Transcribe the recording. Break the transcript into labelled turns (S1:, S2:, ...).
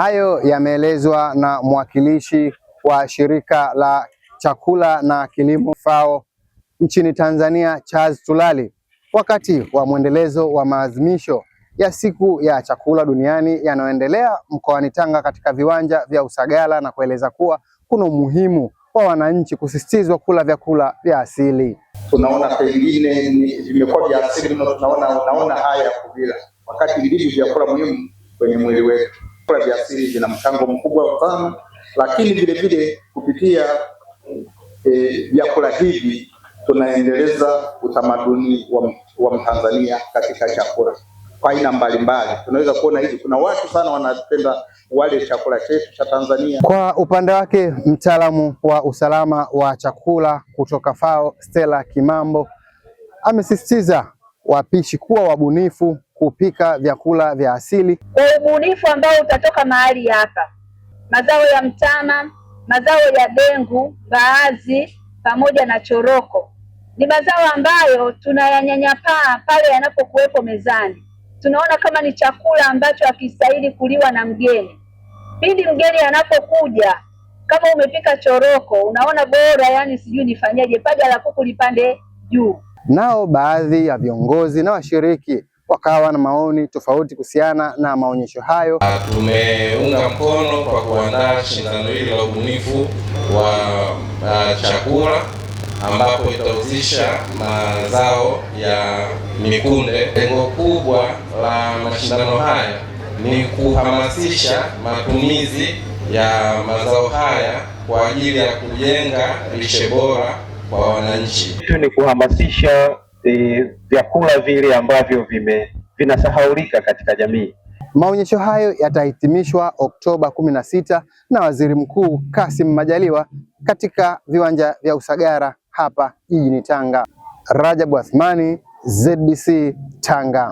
S1: Hayo yameelezwa na mwakilishi wa shirika la chakula na kilimo FAO nchini Tanzania, Charles Tulali, wakati wa mwendelezo wa maadhimisho ya siku ya chakula duniani yanayoendelea mkoani Tanga katika viwanja vya Usagara, na kueleza kuwa kuna umuhimu wa wananchi kusisitizwa kula vyakula vya asili.
S2: Tunaona pengine vimekuwa vya asili, tunaona unaona haya ya kuvila, wakati ndivyo vyakula muhimu kwenye mwili wetu vyakula vya asili vina mchango mkubwa sana lakini vile vile kupitia e, vyakula hivi tunaendeleza utamaduni wa, wa Mtanzania katika chakula kwa aina mbalimbali. Tunaweza kuona hivi, kuna watu sana wanapenda wale chakula chetu cha Tanzania.
S1: Kwa upande wake mtaalamu wa usalama wa chakula kutoka FAO Stella Kimambo amesisitiza wapishi kuwa wabunifu kupika vyakula vya asili
S3: kwa ubunifu ambao utatoka mahali hapa: mazao ya mtama, mazao ya dengu, baazi pamoja na choroko. Ni mazao ambayo tunayanyanyapaa pale yanapokuwepo mezani, tunaona kama ni chakula ambacho hakistahili kuliwa na mgeni. Pindi mgeni anapokuja, kama umepika choroko, unaona bora, yani sijui nifanyaje, paja la kuku lipande juu.
S1: Nao baadhi ya viongozi na washiriki wakawa na maoni tofauti kuhusiana na maonyesho hayo.
S4: Ah, tumeunga mkono kwa kuandaa shindano hili la ubunifu wa uh, chakula ambapo itahusisha mazao ya mikunde. Lengo kubwa la mashindano haya ni kuhamasisha matumizi ya mazao haya kwa ajili ya kujenga lishe bora kwa wananchi.
S2: Ni kuhamasisha e, vyakula vile ambavyo vime vinasahaulika katika jamii.
S1: Maonyesho hayo yatahitimishwa Oktoba kumi na sita na Waziri Mkuu Kassim Majaliwa katika viwanja vya Usagara hapa jijini Tanga. Rajabu Athmani, ZBC Tanga.